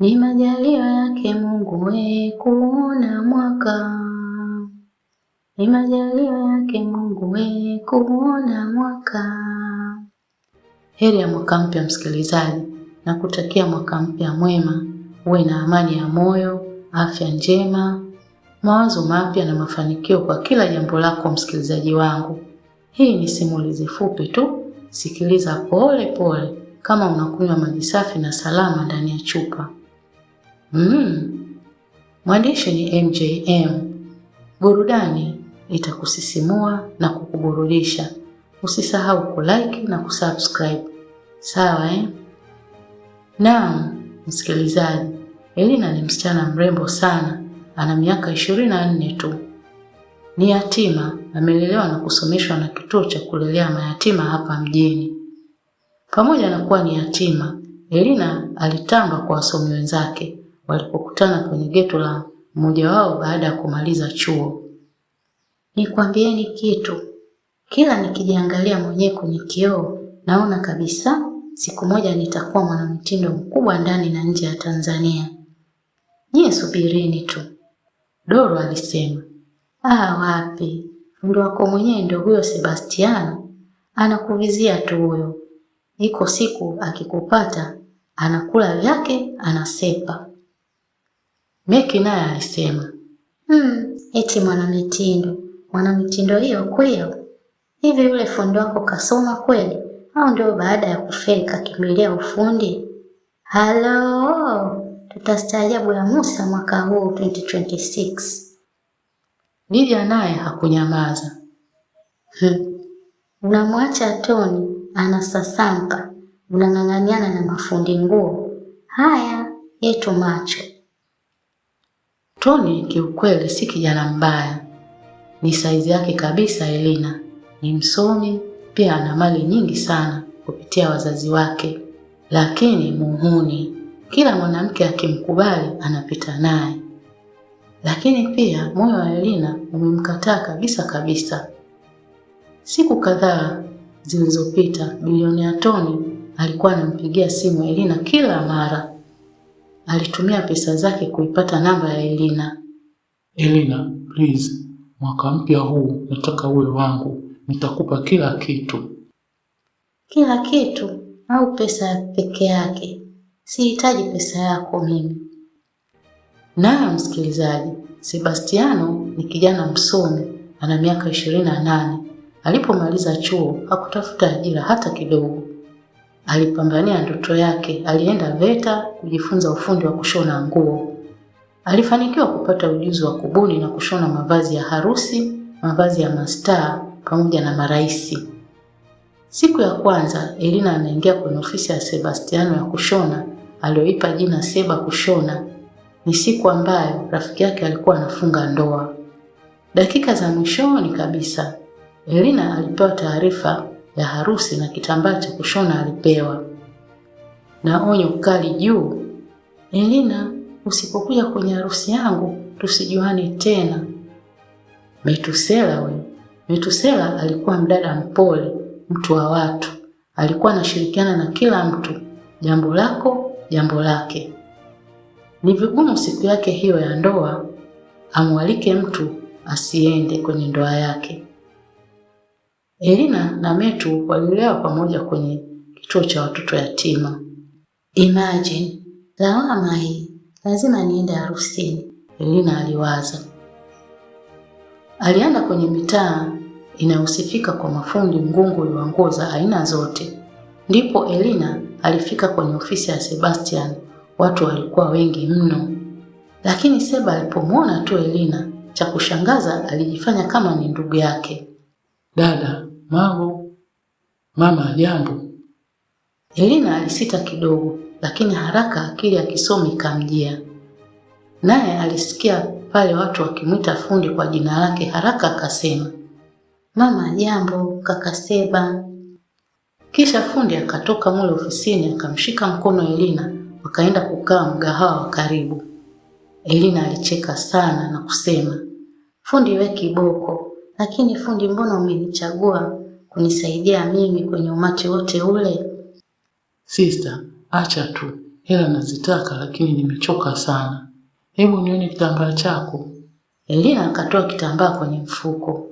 Ni majaliwa yake Mungu we kuona mwaka, ni majaliwa yake Mungu we kuona mwaka. Heri ya mwaka mpya msikilizaji, na kutakia mwaka mpya mwema, uwe na amani ya moyo, afya njema, mawazo mapya na mafanikio kwa kila jambo lako. Msikilizaji wangu, hii ni simulizi fupi tu, sikiliza pole pole, kama unakunywa maji safi na salama ndani ya chupa. Mm. Mwandishi ni MJM. Burudani itakusisimua na kukuburudisha. Usisahau kulike na kusubscribe. Sawa eh? Naam, msikilizaji, Elina ni msichana mrembo sana, ana miaka ishirini na nne tu. Ni yatima, amelelewa na kusomeshwa na kituo cha kulelea mayatima hapa mjini. Pamoja na kuwa ni yatima, Elina alitamba kwa wasomi wenzake walipokutana kwenye geto la mmoja wao baada ya kumaliza chuo. Nikwambieni kitu, kila nikijiangalia mwenyewe kwenye kioo naona kabisa siku moja nitakuwa mwanamitindo mkubwa ndani na nje ya Tanzania. Nyie subirini tu, Doro alisema. Ah, wapi, fundi wako mwenyewe ndio huyo Sebastiano, anakuvizia tu huyo. Iko siku akikupata anakula vyake, anasepa. Meki naye alisema hmm, eti mwanamitindo, mwanamitindo hiyo kwio Hivi yule fundi wako kasoma kweli, au ndio baada ya kufeli kakimbilia ufundi? Halo, tutastaajabu ya Musa mwaka huu 2026. Lidia naye hakunyamaza. Hmm. Unamwacha Toni anasasamka, unang'ang'aniana na mafundi nguo. Haya, yetu macho Toni kiukweli si kijana mbaya, ni saizi yake kabisa Elina. Ni msomi pia, ana mali nyingi sana kupitia wazazi wake, lakini muhuni. Kila mwanamke akimkubali anapita naye, lakini pia moyo wa Elina umemkataa kabisa kabisa. Siku kadhaa zilizopita bilionea Toni alikuwa anampigia simu Elina kila mara alitumia pesa zake kuipata namba ya Elina. Elina, please, mwaka mpya huu nataka uwe wangu, nitakupa kila kitu. Kila kitu au pesa peke yake? Sihitaji pesa yako mimi. Nayo msikilizaji, Sebastiano ni kijana msomi, ana miaka ishirini na nane. Alipomaliza chuo hakutafuta ajira hata kidogo, Alipambania ndoto yake, alienda VETA kujifunza ufundi wa kushona nguo. Alifanikiwa kupata ujuzi wa kubuni na kushona mavazi ya harusi, mavazi ya mastaa pamoja na maraisi. Siku ya kwanza Elina anaingia kwenye ofisi ya Sebastiano ya kushona aliyoipa jina Seba Kushona. Ni siku ambayo rafiki yake alikuwa anafunga ndoa. Dakika za mwishoni kabisa, Elina alipewa taarifa ya harusi na kitambaa cha kushona alipewa. Na onyo kali juu, Elina, usipokuja kwenye harusi yangu tusijuane tena. Metusela we, Metusela alikuwa mdada mpole, mtu wa watu, alikuwa anashirikiana na kila mtu, jambo lako jambo lake. Ni vigumu siku yake hiyo ya ndoa amwalike mtu asiende kwenye ndoa yake. Elina na Metu walilelewa pamoja kwenye kituo cha watoto yatima. Imagine, lawama hii, lazima niende harusini, Elina aliwaza. Alienda kwenye mitaa inayosifika kwa mafundi ngunguli wa nguo za aina zote. Ndipo Elina alifika kwenye ofisi ya Sebastian. Watu walikuwa wengi mno, lakini Seba alipomwona tu Elina, cha kushangaza alijifanya kama ni ndugu yake. Dada, mambo mama, jambo. Elina alisita kidogo, lakini haraka akili ya kisomi ikamjia, naye alisikia pale watu wakimwita fundi kwa jina lake. Haraka akasema mama, jambo, kaka Seba. Kisha fundi akatoka mule ofisini akamshika mkono Elina, wakaenda kukaa mgahawa wa karibu. Elina alicheka sana na kusema, fundi we kiboko lakini fundi, mbona umenichagua kunisaidia mimi kwenye umati wote ule? Sister, acha tu, hela nazitaka, lakini nimechoka sana. Hebu nione kitambaa chako. Elia akatoa kitambaa kwenye mfuko.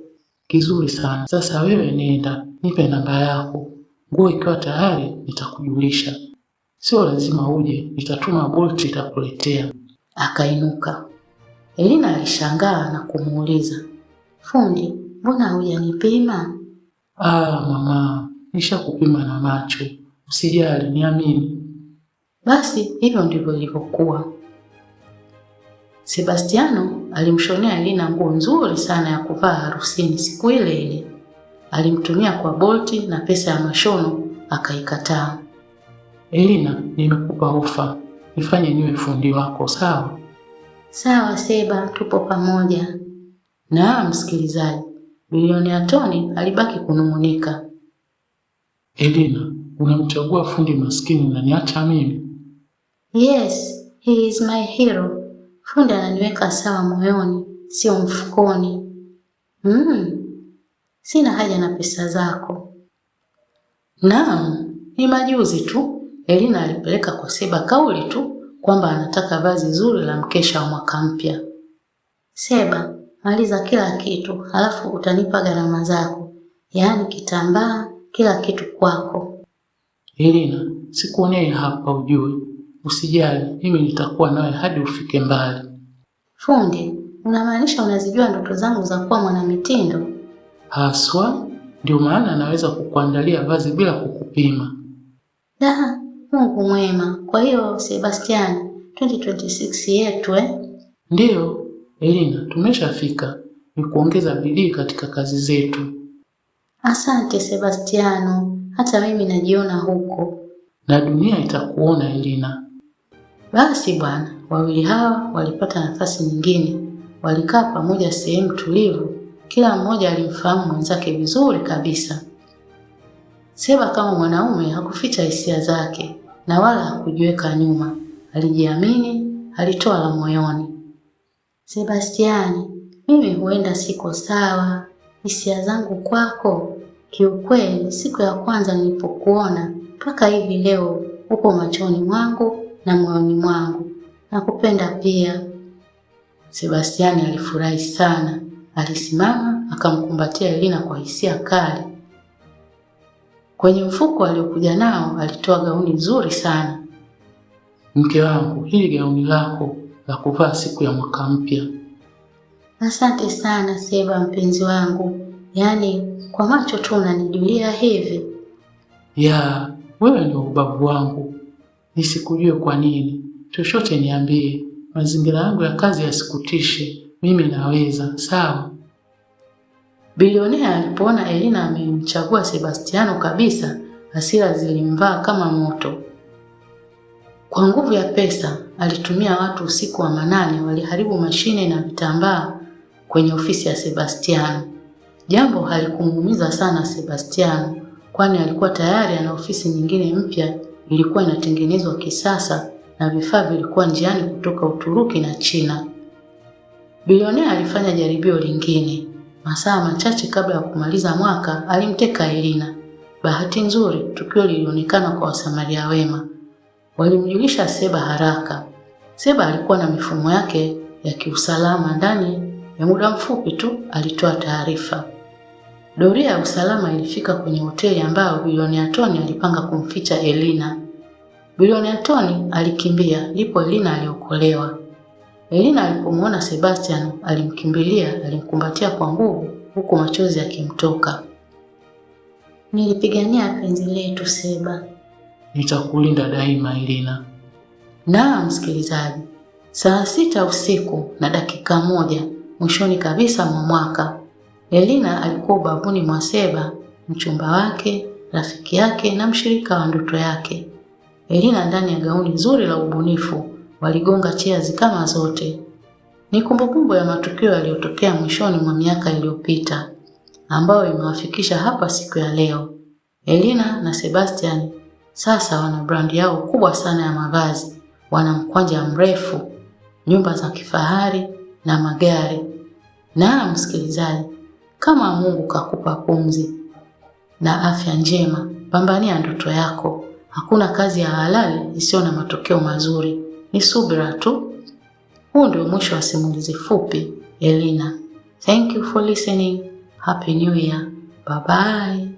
Kizuri sana. Sasa wewe nenda, nipe namba yako. Nguo ikiwa tayari nitakujulisha. Sio lazima uje, nitatuma bolti itakuletea. Akainuka. Elina alishangaa na kumuuliza, Fundi, mbona hujanipima? Ah, mama, nishakupima na macho, usijali, niamini. Basi hivyo ndivyo ilivyokuwa. Sebastiano alimshonea Lina nguo nzuri sana ya kuvaa harusini siku ile ile. Alimtumia kwa bolti na pesa ya mashono akaikataa. Elina, eh, nimekupa ofa, nifanye niwe fundi wako, sawa? Sawa Seba, tupo pamoja. Na msikilizaji, Bilionea Toni alibaki kunung'unika. Edina, unamchagua fundi maskini niacha mimi? Yes, he is my hero. Fundi ananiweka sawa moyoni, sio mfukoni. Mm, sina haja na pesa zako. Naam, ni majuzi tu Elina alipeleka kwa Seba kauli tu kwamba anataka vazi zuri la mkesha wa mwaka mpya. Seba maliza kila kitu, halafu utanipa gharama zako, yaani kitambaa, kila kitu kwako. Elina, sikuonei hapa, ujue. Usijali, mimi nitakuwa nawe hadi ufike mbali. Fundi, unamaanisha unazijua ndoto zangu za kuwa mwanamitindo? Haswa, ndio maana anaweza kukuandalia vazi bila kukupima. Da, Mungu mwema. Kwa hiyo Sebastian, 2026 yetu eh? Ndiyo. Elina, tumeshafika, ni kuongeza bidii katika kazi zetu. Asante Sebastiano, hata mimi najiona huko. Na dunia itakuona Elina. Basi bwana, wawili hawa walipata nafasi nyingine. Walikaa pamoja sehemu tulivu, kila mmoja alimfahamu mwenzake vizuri kabisa. Seba kama mwanaume hakuficha hisia zake na wala hakujiweka nyuma. Alijiamini, alitoa la moyoni. Sebastiani, mimi huenda siko sawa, hisia zangu kwako kiukweli, siku ya kwanza nilipokuona mpaka hivi leo upo machoni mwangu na moyoni mwangu, nakupenda pia. Sebastiani alifurahi sana, alisimama akamkumbatia Elina kwa hisia kali. Kwenye mfuko aliokuja nao alitoa gauni nzuri sana. Mke wangu, hili gauni lako la kuvaa siku ya mwaka mpya. Asante sana Seba mpenzi wangu, yaani kwa macho tu unanijulia hivi ya wewe Ni ubavu wangu, nisikujue kwa nini? Chochote niambie, mazingira yangu ya kazi yasikutishe, mimi naweza. Sawa. Bilionea alipoona Elina amemchagua Sebastiano kabisa, hasira zilimvaa kama moto. Kwa nguvu ya pesa alitumia watu usiku wa manane waliharibu mashine na vitambaa kwenye ofisi ya Sebastiano. Jambo halikumuumiza sana Sebastiano kwani alikuwa tayari ana ofisi nyingine mpya ilikuwa inatengenezwa kisasa na vifaa vilikuwa njiani kutoka Uturuki na China. Bilionea alifanya jaribio lingine. Masaa machache kabla ya kumaliza mwaka alimteka Elina. Bahati nzuri tukio lilionekana kwa wasamaria wema Walimjulisha Seba haraka. Seba alikuwa na mifumo yake ya kiusalama, ndani ya muda mfupi tu alitoa taarifa. Doria ya usalama ilifika kwenye hoteli ambayo bilionea Tony alipanga kumficha Elina. Bilionea Tony alikimbia, ndipo Elina aliokolewa. Elina alipomwona Sebastian alimkimbilia, alimkumbatia kwa nguvu huku machozi yakimtoka. Nilipigania penzi letu Seba nitakulinda daima Elina. Na msikilizaji, saa sita usiku na dakika moja mwishoni kabisa mwa mwaka, Elina alikuwa ubavuni mwa Seba, mchumba wake, rafiki yake na mshirika wa ndoto yake. Elina ndani ya gauni zuri la ubunifu waligonga chiazi kama zote. Ni kumbukumbu ya matukio yaliyotokea mwishoni mwa miaka iliyopita ambayo imewafikisha hapa siku ya leo. Elina na Sebastian sasa wana brandi yao kubwa sana ya mavazi, wana mkwanja mrefu, nyumba za kifahari na magari. Na msikilizaji, kama Mungu kakupa pumzi na afya njema, pambania ndoto yako. Hakuna kazi ya halali isiyo na matokeo mazuri, ni subira tu. Huu ndio mwisho wa simulizi fupi Elina. Thank you for listening. Happy New Year. Bye bye.